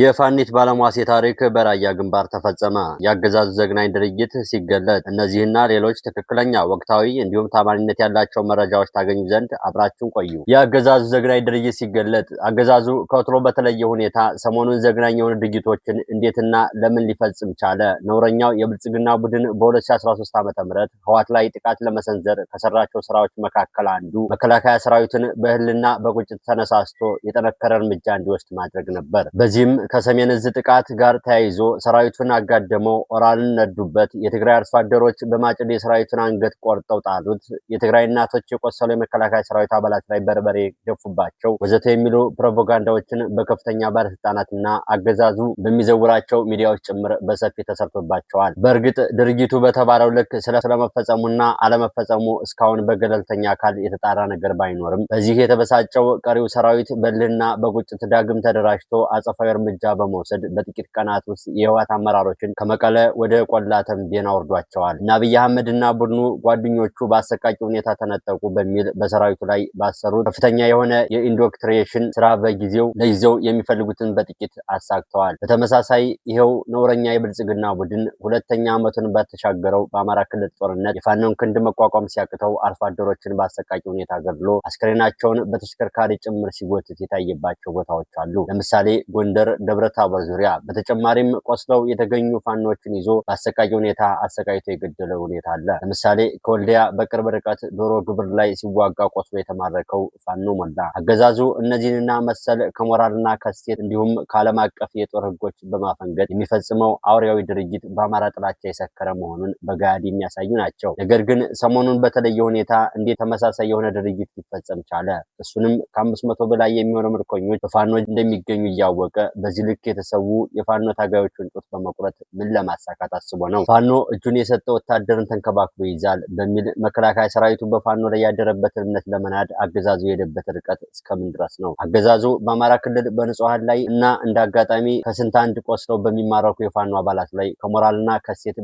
የፋኒት ባለሟሴ ታሪክ በራያ ግንባር ተፈጸመ። የአገዛዙ ዘግናኝ ድርጊት ሲገለጥ እነዚህና ሌሎች ትክክለኛ ወቅታዊ እንዲሁም ታማኝነት ያላቸው መረጃዎች ታገኙ ዘንድ አብራችሁን ቆዩ። የአገዛዙ ዘግናኝ ድርጊት ሲገለጥ አገዛዙ ከወትሮ በተለየ ሁኔታ ሰሞኑን ዘግናኝ የሆኑ ድርጊቶችን እንዴትና ለምን ሊፈጽም ቻለ? ነውረኛው የብልጽግና ቡድን በ2013 ዓ ም ህዋት ላይ ጥቃት ለመሰንዘር ከሰራቸው ስራዎች መካከል አንዱ መከላከያ ሰራዊትን በህልና በቁጭት ተነሳስቶ የጠነከረ እርምጃ እንዲወስድ ማድረግ ነበር። በዚህም ከሰሜን እዝ ጥቃት ጋር ተያይዞ ሰራዊቱን አጋደመው ኦራልን ነዱበት። የትግራይ አርሶ አደሮች በማጭድ የሰራዊቱን አንገት ቆርጠው ጣሉት። የትግራይ እናቶች የቆሰሉ የመከላከያ ሰራዊት አባላት ላይ በርበሬ ገፉባቸው፣ ወዘተ የሚሉ ፕሮፓጋንዳዎችን በከፍተኛ ባለስልጣናትና አገዛዙ በሚዘውራቸው ሚዲያዎች ጭምር በሰፊ ተሰርቶባቸዋል። በእርግጥ ድርጊቱ በተባለው ልክ ስለመፈጸሙና አለመፈጸሙ እስካሁን በገለልተኛ አካል የተጣራ ነገር ባይኖርም በዚህ የተበሳጨው ቀሪው ሰራዊት በልህና በቁጭት ዳግም ተደራጅቶ አጸፋዊ እርምጃ እርምጃ በመውሰድ በጥቂት ቀናት ውስጥ የህወሓት አመራሮችን ከመቀለ ወደ ቆላ ተንቤን አውርዷቸዋል እና አብይ አህመድ ቡድኑ ጓደኞቹ በአሰቃቂ ሁኔታ ተነጠቁ በሚል በሰራዊቱ ላይ ባሰሩት ከፍተኛ የሆነ የኢንዶክትሬሽን ስራ በጊዜው ለጊዜው የሚፈልጉትን በጥቂት አሳክተዋል። በተመሳሳይ ይኸው ነውረኛ የብልጽግና ቡድን ሁለተኛ ዓመቱን በተሻገረው በአማራ ክልል ጦርነት የፋኖን ክንድ መቋቋም ሲያቅተው አርሶ አደሮችን በአሰቃቂ ሁኔታ ገድሎ አስከሬናቸውን በተሽከርካሪ ጭምር ሲጎትት የታየባቸው ቦታዎች አሉ። ለምሳሌ ጎንደር፣ ደብረ ዙሪያ በተጨማሪም ቆስለው የተገኙ ፋኖችን ይዞ በአሰቃቂ ሁኔታ አሰቃይቶ የገደለ ሁኔታ አለ። ለምሳሌ ከወልዲያ በቅርብ ርቀት ዶሮ ግብር ላይ ሲዋጋ ቆስሎ የተማረከው ፋኖ ሞላ። አገዛዙ እነዚህንና መሰል ከሞራልና ከስቴት እንዲሁም ከዓለም አቀፍ የጦር ህጎች በማፈንገጥ የሚፈጽመው አውሪያዊ ድርጊት በአማራ ጥላቻ የሰከረ መሆኑን በጋድ የሚያሳዩ ናቸው። ነገር ግን ሰሞኑን በተለየ ሁኔታ እንዴት ተመሳሳይ የሆነ ድርጊት ሊፈጸም ቻለ? እሱንም ከአምስት መቶ በላይ የሚሆኑ ምርኮኞች በፋኖች እንደሚገኙ እያወቀ በዚህ ልክ የተሰዉ የፋኖ ታጋዮችን ጡት በመቁረጥ ምን ለማሳካት አስቦ ነው? ፋኖ እጁን የሰጠ ወታደርን ተንከባክቦ ይይዛል በሚል መከላከያ ሰራዊቱ በፋኖ ላይ ያደረበትን እምነት ለመናድ አገዛዙ የሄደበት ርቀት እስከምን ድረስ ነው? አገዛዙ በአማራ ክልል በንጹሐን ላይ እና እንደ አጋጣሚ ከስንት አንድ ቆስለው በሚማረኩ የፋኖ አባላት ላይ ከሞራልና ከሴት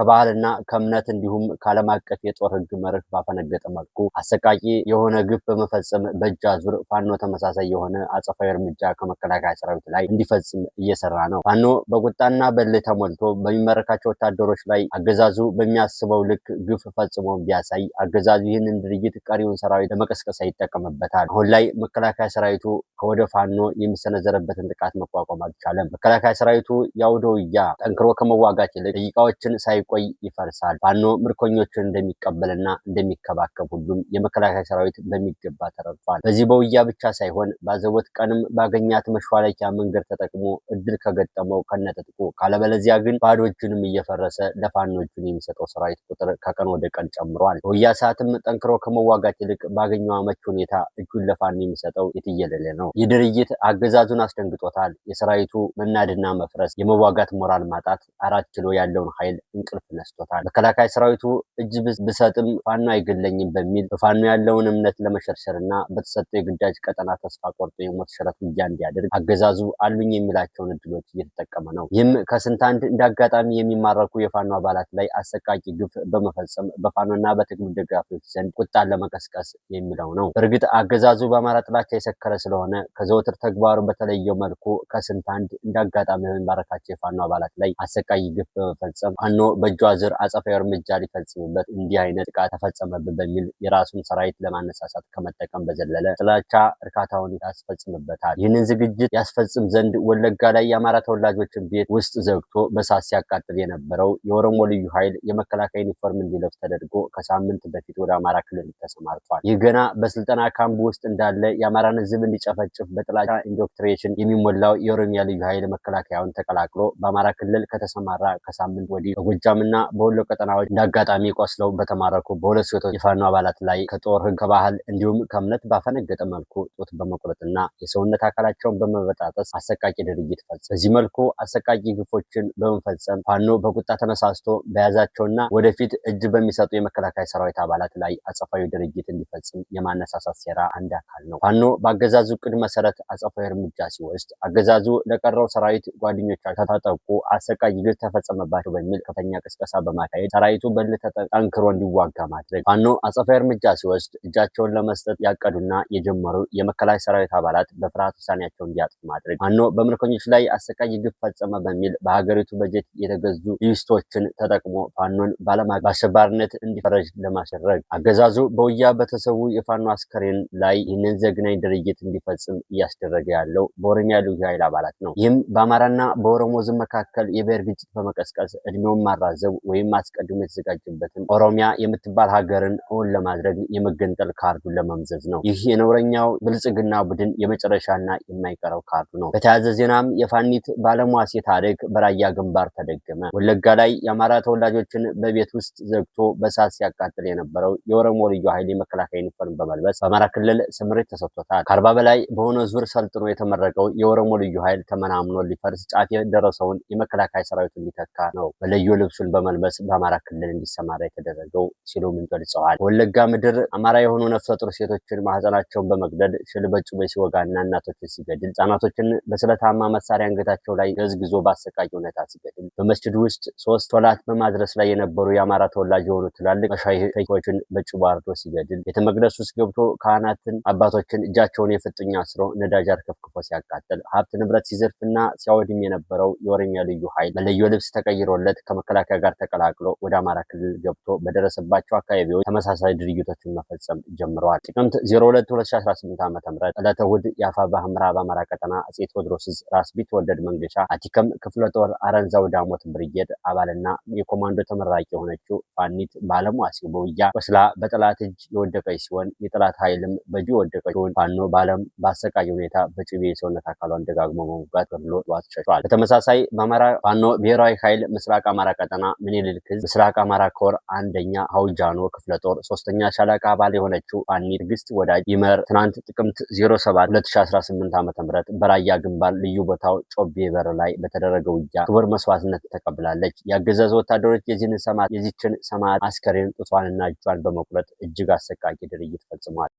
ከባህልና ከእምነት እንዲሁም ከዓለም አቀፍ የጦር ህግ መርህ ባፈነገጠ መልኩ አሰቃቂ የሆነ ግፍ በመፈጸም በእጅ አዙር ፋኖ ተመሳሳይ የሆነ አጸፋዊ እርምጃ ከመከላከያ ሰራዊት ላይ እንዲ እንዲፈጽም እየሰራ ነው። ፋኖ በቁጣና በል ተሞልቶ በሚመረካቸው ወታደሮች ላይ አገዛዙ በሚያስበው ልክ ግፍ ፈጽሞ ቢያሳይ አገዛዙ ይህንን ድርጊት ቀሪውን ሰራዊት ለመቀስቀስ ይጠቀምበታል። አሁን ላይ መከላከያ ሰራዊቱ ከወደ ፋኖ የሚሰነዘረበትን ጥቃት መቋቋም አልቻለም። መከላከያ ሰራዊቱ የአውደ ውጊያ ጠንክሮ ከመዋጋት ይልቅ ደቂቃዎችን ሳይቆይ ይፈርሳል። ፋኖ ምርኮኞችን እንደሚቀበልና እንደሚከባከብ ሁሉም የመከላከያ ሰራዊት በሚገባ ተረድቷል። በዚህ በውያ ብቻ ሳይሆን ባዘቦት ቀንም ባገኛት መሿለኪያ መንገድ ተጠቅሞ እድል ከገጠመው ከነትጥቁ ካለበለዚያ ግን እጁንም እየፈረሰ እጁን የሚሰጠው ሰራዊት ቁጥር ከቀን ወደ ቀን ጨምሯል። በውጊያ ሰዓትም ጠንክሮ ከመዋጋት ይልቅ ባገኘው አመች ሁኔታ እጁን ለፋኖ የሚሰጠው የትየለሌ ነው። ይህ ድርጊት አገዛዙን አስደንግጦታል። የሰራዊቱ መናድና መፍረስ፣ የመዋጋት ሞራል ማጣት አራት ኪሎ ያለውን ኃይል እንቅልፍ ነስቶታል። መከላከያ ሰራዊቱ እጅ ብሰጥም ፋኖ አይገለኝም በሚል በፋኖ ያለውን እምነት ለመሸርሸርና በተሰጠው የግዳጅ ቀጠና ተስፋ ቆርጦ የሞት ሽረት ውጊያ እንዲያደርግ አገዛዙ አሉ አሉኝ የሚላቸውን እድሎች እየተጠቀመ ነው። ይህም ከስንት አንድ እንዳጋጣሚ የሚማረኩ የፋኖ አባላት ላይ አሰቃቂ ግፍ በመፈጸም በፋኖና በትግሉ ደጋፊዎች ዘንድ ቁጣን ለመቀስቀስ የሚለው ነው። እርግጥ አገዛዙ በአማራ ጥላቻ የሰከረ ስለሆነ ከዘወትር ተግባሩ በተለየው መልኩ ከስንት አንድ እንዳጋጣሚ የሚማረካቸው በሚማረካቸው የፋኖ አባላት ላይ አሰቃቂ ግፍ በመፈጸም ፋኖ በእጇ ዝር አጸፋዊ እርምጃ ሊፈጽምበት እንዲህ አይነት ጥቃት ተፈጸመብን በሚል የራሱን ሰራዊት ለማነሳሳት ከመጠቀም በዘለለ ጥላቻ እርካታውን ያስፈጽምበታል። ይህንን ዝግጅት ያስፈጽም ዘንድ ዘንድ ወለጋ ላይ የአማራ ተወላጆችን ቤት ውስጥ ዘግቶ በሳት ሲያቃጥል የነበረው የኦሮሞ ልዩ ኃይል የመከላከያ ዩኒፎርም እንዲለብስ ተደርጎ ከሳምንት በፊት ወደ አማራ ክልል ተሰማርቷል። ይህ ገና በስልጠና ካምፕ ውስጥ እንዳለ የአማራን ሕዝብ እንዲጨፈጭፍ በጥላቻ ኢንዶክትሬሽን የሚሞላው የኦሮሚያ ልዩ ኃይል መከላከያውን ተቀላቅሎ በአማራ ክልል ከተሰማራ ከሳምንት ወዲህ በጎጃምና በወሎ ቀጠናዎች እንዳጋጣሚ ቆስለው በተማረኩ በሁለት ሴቶች የፋኖ አባላት ላይ ከጦር ሕግ ከባህል እንዲሁም ከእምነት ባፈነገጠ መልኩ ጡት በመቁረጥና የሰውነት አካላቸውን በመበጣጠስ አሰቃ አሰቃቂ ድርጊት ፈጽሟል። በዚህ መልኩ አሰቃቂ ግፎችን በመፈጸም ፋኖ በቁጣ ተነሳስቶ በያዛቸውና ወደፊት እጅ በሚሰጡ የመከላከያ ሰራዊት አባላት ላይ አጸፋዊ ድርጊት እንዲፈጽም የማነሳሳት ሴራ አንድ አካል ነው። ፋኖ በአገዛዙ ቅድ መሰረት አጸፋዊ እርምጃ ሲወስድ፣ አገዛዙ ለቀረው ሰራዊት ጓደኞቻቸው ተጠቁ፣ አሰቃቂ ግፍ ተፈጸመባቸው በሚል ከፍተኛ ቅስቀሳ በማካሄድ ሰራዊቱ በልህ ጠንክሮ እንዲዋጋ ማድረግ። ፋኖ አጸፋዊ እርምጃ ሲወስድ እጃቸውን ለመስጠት ያቀዱና የጀመሩ የመከላከያ ሰራዊት አባላት በፍርሃት ውሳኔያቸው እንዲያጥፉ ማድረግ። ፋኖ በምርኮኞች ላይ አሰቃቂ ግፍ ፈጸመ በሚል በሀገሪቱ በጀት የተገዙ ሊስቶችን ተጠቅሞ ፋኖን ባለም በአሸባሪነት እንዲፈረጅ ለማስደረግ አገዛዙ በውያ በተሰዉ የፋኖ አስከሬን ላይ ይህንን ዘግናኝ ድርጊት እንዲፈጽም እያስደረገ ያለው በኦሮሚያ ልዩ ኃይል አባላት ነው። ይህም በአማራና በኦሮሞ ሕዝብ መካከል የብሔር ግጭት በመቀስቀስ እድሜውን ማራዘብ ወይም አስቀድሞ የተዘጋጀበትን ኦሮሚያ የምትባል ሀገርን እውን ለማድረግ የመገንጠል ካርዱን ለመምዘዝ ነው። ይህ የነውረኛው ብልጽግና ቡድን የመጨረሻና የማይቀረው ካርዱ ነው። በተያያዘ ዜናም የፋኒት ባለሟሴ ታሪክ በራያ ግንባር ተደገመ። ወለጋ ላይ የአማራ ተወላጆችን በቤት ውስጥ ዘግቶ በሳት ሲያቃጥል የነበረው የኦሮሞ ልዩ ኃይል የመከላከያ ዩኒፎርም በመልበስ በአማራ ክልል ስምሪት ተሰጥቶታል። ከአርባ በላይ በሆነ ዙር ሰልጥኖ የተመረቀው የኦሮሞ ልዩ ኃይል ተመናምኖ ሊፈርስ ጫፍ የደረሰውን የመከላከያ ሰራዊት እንዲተካ ነው በልዩ ልብሱን በመልበስ በአማራ ክልል እንዲሰማራ የተደረገው ሲሉ ምን ገልጸዋል። ወለጋ ምድር አማራ የሆኑ ነፍሰ ጡር ሴቶችን ማህፀናቸውን በመግደል ሽል በጩቤ ሲወጋና እናቶችን ሲገድል ህጻናቶችን ስለታማ መሳሪያ አንገታቸው ላይ ገዝግዞ በአሰቃቂ ሁኔታ ሲገድል፣ በመስጅድ ውስጥ ሶስት ወላት በማድረስ ላይ የነበሩ የአማራ ተወላጅ የሆኑ ትላልቅ መሻይኮችን በጭቦ አርዶ ሲገድል፣ ቤተ መቅደስ ውስጥ ገብቶ ካህናትን፣ አባቶችን እጃቸውን የፍጥኛ አስሮ ነዳጅ አርከፍክፎ ሲያቃጥል፣ ሀብት ንብረት ሲዘርፍና ሲያወድም የነበረው የኦሮሚያ ልዩ ኃይል በልዩ ልብስ ተቀይሮለት ከመከላከያ ጋር ተቀላቅሎ ወደ አማራ ክልል ገብቶ በደረሰባቸው አካባቢዎች ተመሳሳይ ድርጊቶችን መፈጸም ጀምረዋል። ጥቅምት 02 2018 ዓ ም ዕለተ እሑድ የአፋ ባህምራ በአማራ ቀጠና አጼ ቴዎድሮ ቴዎድሮስ ራስ ቢትወደድ መንገሻ አቲከም ክፍለ ጦር አረንዛው ዳሞት ብርጌድ አባልና የኮማንዶ ተመራቂ የሆነችው ፋኒት በአለሙ አሲው በውጊያ ወስላ በጠላት እጅ የወደቀች ሲሆን የጠላት ኃይልም በእጁ የወደቀችውን ፋኖ ባለም በአሰቃቂ ሁኔታ በጭቤ የሰውነት አካሏን ደጋግሞ በመውጋት ገድሎ ሏት ሸሽቷል። በተመሳሳይ በአማራ ፋኖ ብሔራዊ ኃይል ምስራቅ አማራ ቀጠና ምኒልክ ዕዝ ምስራቅ አማራ ኮር አንደኛ ሀውጃኖ ክፍለ ጦር ሶስተኛ ሻለቃ አባል የሆነችው ፋኒት ግስት ወዳጅ ይመር ትናንት ጥቅምት 07 2018 ዓ ም በራያ ግንባር በሚባል ልዩ ቦታው ጮቤ በር ላይ በተደረገ ውጊያ ክቡር መስዋዕትነት ተቀብላለች። የአገዛዙ ወታደሮች የዚህን ሰማዕት የዚችን ሰማዕት አስከሬን ጡቷንና እጇን በመቁረጥ እጅግ አሰቃቂ ድርጊት ፈጽሟል።